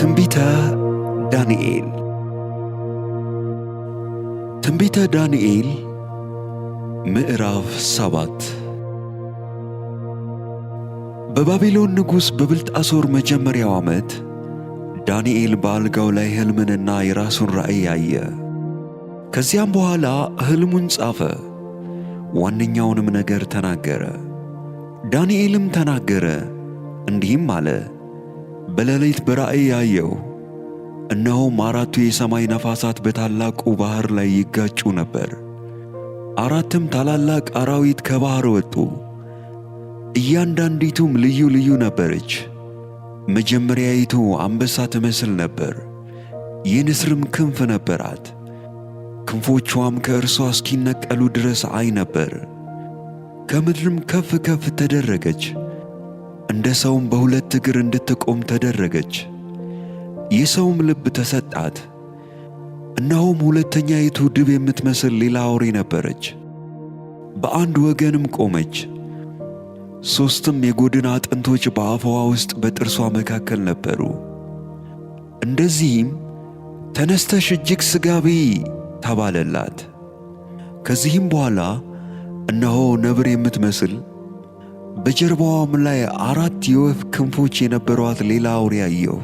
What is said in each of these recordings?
ትንቢተ ዳንኤል ትንቢተ ዳንኤል ምዕራፍ ሰባት በባቢሎን ንጉሥ በብልጣሶር መጀመሪያው ዓመት ዳንኤል በአልጋው ላይ ሕልምንና የራሱን ራእይ አየ። ከዚያም በኋላ ሕልሙን ጻፈ፣ ዋነኛውንም ነገር ተናገረ። ዳንኤልም ተናገረ እንዲህም አለ፦ በሌሊት በራእይ ያየው፣ እነሆም አራቱ የሰማይ ነፋሳት በታላቁ ባሕር ላይ ይጋጩ ነበር። አራትም ታላላቅ አራዊት ከባሕር ወጡ፣ እያንዳንዲቱም ልዩ ልዩ ነበረች። መጀመሪያይቱ አንበሳ ትመስል ነበር፣ የንስርም ክንፍ ነበራት። ክንፎቿም ከእርሷ እስኪነቀሉ ድረስ አይ ነበር። ከምድርም ከፍ ከፍ ተደረገች እንደ ሰውም በሁለት እግር እንድትቆም ተደረገች። የሰውም ልብ ተሰጣት። እነሆም ሁለተኛይቱ ድብ የምትመስል ሌላ አውሬ ነበረች፣ በአንድ ወገንም ቆመች። ሦስትም የጎድን አጥንቶች በአፏዋ ውስጥ በጥርሷ መካከል ነበሩ። እንደዚህም ተነስተሽ እጅግ ሥጋ ብዪ ተባለላት። ከዚህም በኋላ እነሆ ነብር የምትመስል በጀርባዋም ላይ አራት የወፍ ክንፎች የነበሯት ሌላ አውሬ አየሁ።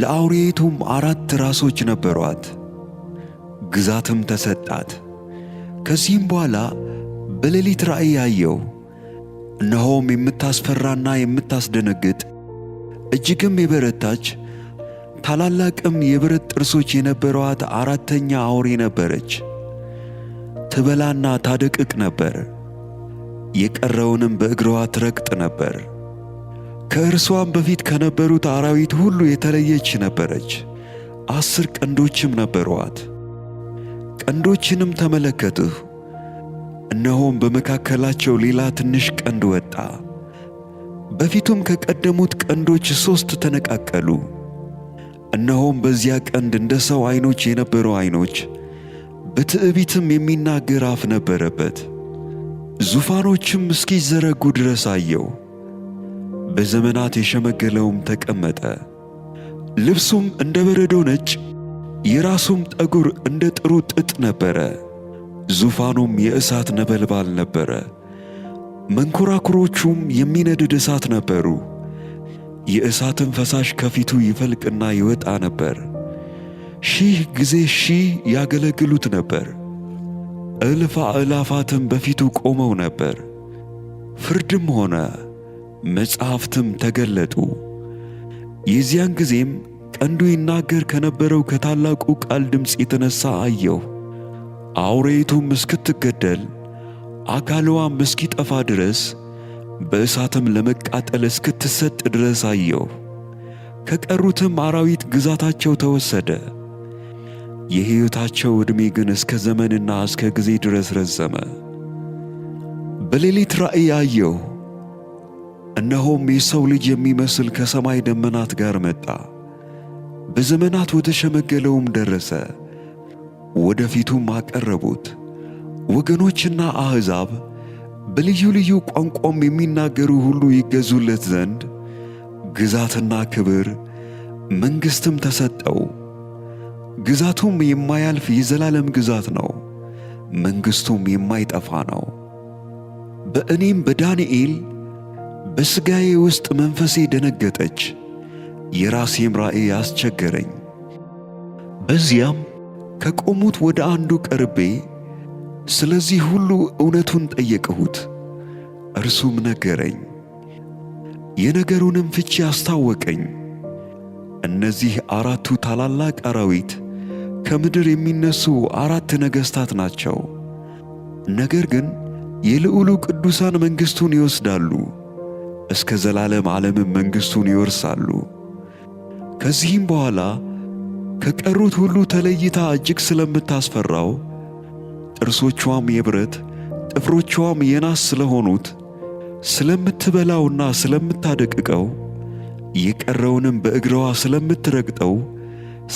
ለአውሬይቱም አራት ራሶች ነበሯት፣ ግዛትም ተሰጣት። ከዚህም በኋላ በሌሊት ራእይ አየሁ። እነሆም የምታስፈራና የምታስደነግጥ እጅግም የበረታች ታላላቅም የብረት ጥርሶች የነበሯት አራተኛ አውሬ ነበረች። ትበላና ታደቅቅ ነበር። የቀረውንም በእግሯ ትረግጥ ነበር። ከእርሷም በፊት ከነበሩት አራዊት ሁሉ የተለየች ነበረች። አስር ቀንዶችም ነበሯት። ቀንዶችንም ተመለከትሁ፣ እነሆም በመካከላቸው ሌላ ትንሽ ቀንድ ወጣ። በፊቱም ከቀደሙት ቀንዶች ሦስት ተነቃቀሉ። እነሆም በዚያ ቀንድ እንደ ሰው ዐይኖች የነበሩ ዐይኖች፣ በትዕቢትም የሚናገር አፍ ነበረበት። ዙፋኖችም እስኪዘረጉ ድረስ አየው! በዘመናት የሸመገለውም ተቀመጠ። ልብሱም እንደ በረዶ ነጭ፣ የራሱም ጠጉር እንደ ጥሩ ጥጥ ነበረ። ዙፋኑም የእሳት ነበልባል ነበረ፣ መንኮራኩሮቹም የሚነድድ እሳት ነበሩ። የእሳትም ፈሳሽ ከፊቱ ይፈልቅና ይወጣ ነበር። ሺህ ጊዜ ሺህ ያገለግሉት ነበር እልፍ አእላፋትም በፊቱ ቆመው ነበር። ፍርድም ሆነ መጻሕፍትም ተገለጡ። የዚያን ጊዜም ቀንዱ ይናገር ከነበረው ከታላቁ ቃል ድምፅ የተነሣ አየሁ። አውሬይቱም እስክትገደል አካልዋም እስኪጠፋ ድረስ በእሳትም ለመቃጠል እስክትሰጥ ድረስ አየሁ። ከቀሩትም አራዊት ግዛታቸው ተወሰደ። የሕይወታቸው ዕድሜ ግን እስከ ዘመንና እስከ ጊዜ ድረስ ረዘመ። በሌሊት ራእይ አየሁ፣ እነሆም የሰው ልጅ የሚመስል ከሰማይ ደመናት ጋር መጣ፣ በዘመናት ወደ ሸመገለውም ደረሰ፣ ወደ ፊቱም አቀረቡት። ወገኖችና አሕዛብ በልዩ ልዩ ቋንቋም የሚናገሩ ሁሉ ይገዙለት ዘንድ ግዛትና ክብር መንግሥትም ተሰጠው። ግዛቱም የማያልፍ የዘላለም ግዛት ነው፣ መንግሥቱም የማይጠፋ ነው። በእኔም በዳንኤል በሥጋዬ ውስጥ መንፈሴ ደነገጠች፣ የራሴም ራእይ አስቸገረኝ። በዚያም ከቆሙት ወደ አንዱ ቀርቤ ስለዚህ ሁሉ እውነቱን ጠየቅሁት። እርሱም ነገረኝ፣ የነገሩንም ፍቺ አስታወቀኝ። እነዚህ አራቱ ታላላቅ አራዊት ከምድር የሚነሱ አራት ነገሥታት ናቸው። ነገር ግን የልዑሉ ቅዱሳን መንግሥቱን ይወስዳሉ፣ እስከ ዘላለም ዓለምም መንግሥቱን ይወርሳሉ። ከዚህም በኋላ ከቀሩት ሁሉ ተለይታ እጅግ ስለምታስፈራው ጥርሶቿም የብረት ጥፍሮቿም የናስ ስለሆኑት ስለምትበላውና ስለምታደቅቀው የቀረውንም በእግሯ ስለምትረግጠው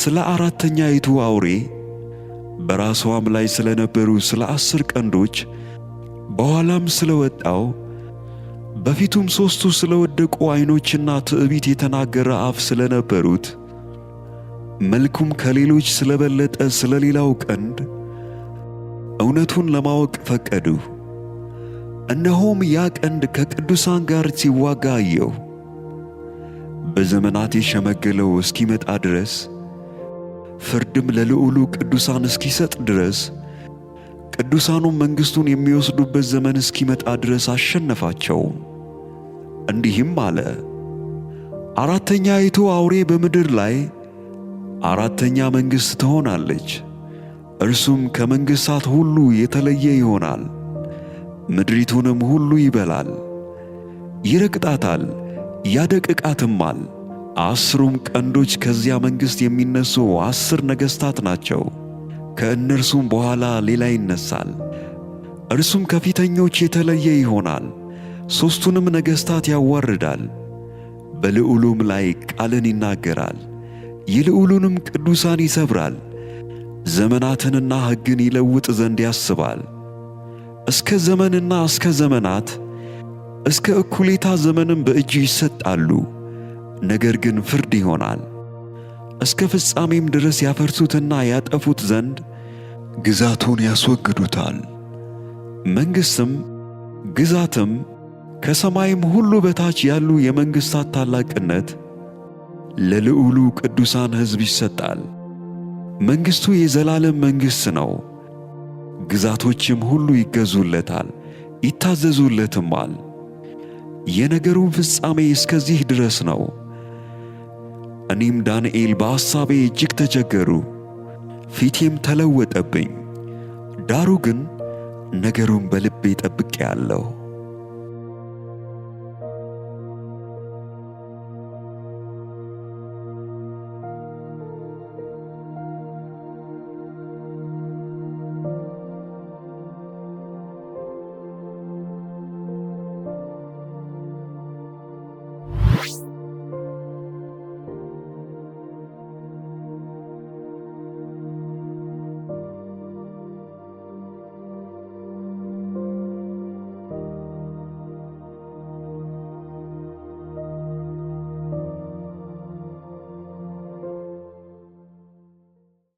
ስለ አራተኛይቱ አውሬ በራስዋም ላይ ስለነበሩ ስለ አስር ቀንዶች በኋላም ስለወጣው በፊቱም ሦስቱ ስለወደቁ አይኖችና ትዕቢት የተናገረ አፍ ስለነበሩት መልኩም ከሌሎች ስለበለጠ ስለ ሌላው ቀንድ እውነቱን ለማወቅ ፈቀዱ። እነሆም ያ ቀንድ ከቅዱሳን ጋር ሲዋጋ አየው። በዘመናት የሸመገለው እስኪመጣ ድረስ ፍርድም ለልዑሉ ቅዱሳን እስኪሰጥ ድረስ ቅዱሳኑም መንግሥቱን የሚወስዱበት ዘመን እስኪመጣ ድረስ አሸነፋቸው። እንዲህም አለ፣ አራተኛይቱ አውሬ በምድር ላይ አራተኛ መንግሥት ትሆናለች። እርሱም ከመንግሥታት ሁሉ የተለየ ይሆናል። ምድሪቱንም ሁሉ ይበላል፣ ይረግጣታል፣ ያደቅቃትማል። አስሩም ቀንዶች ከዚያ መንግሥት የሚነሱ አስር ነገሥታት ናቸው። ከእነርሱም በኋላ ሌላ ይነሣል፣ እርሱም ከፊተኞች የተለየ ይሆናል። ሦስቱንም ነገሥታት ያዋርዳል፣ በልዑሉም ላይ ቃልን ይናገራል፣ የልዑሉንም ቅዱሳን ይሰብራል። ዘመናትንና ሕግን ይለውጥ ዘንድ ያስባል። እስከ ዘመንና እስከ ዘመናት እስከ እኩሌታ ዘመንም በእጁ ይሰጣሉ። ነገር ግን ፍርድ ይሆናል። እስከ ፍጻሜም ድረስ ያፈርሱትና ያጠፉት ዘንድ ግዛቱን ያስወግዱታል። መንግሥትም ግዛትም ከሰማይም ሁሉ በታች ያሉ የመንግሥታት ታላቅነት ለልዑሉ ቅዱሳን ሕዝብ ይሰጣል። መንግሥቱ የዘላለም መንግሥት ነው። ግዛቶችም ሁሉ ይገዙለታል ይታዘዙለትማል። የነገሩም ፍጻሜ እስከዚህ ድረስ ነው። እኔም ዳንኤል በሐሳቤ እጅግ ተቸገሩ፣ ፊቴም ተለወጠብኝ። ዳሩ ግን ነገሩን በልቤ አለሁ።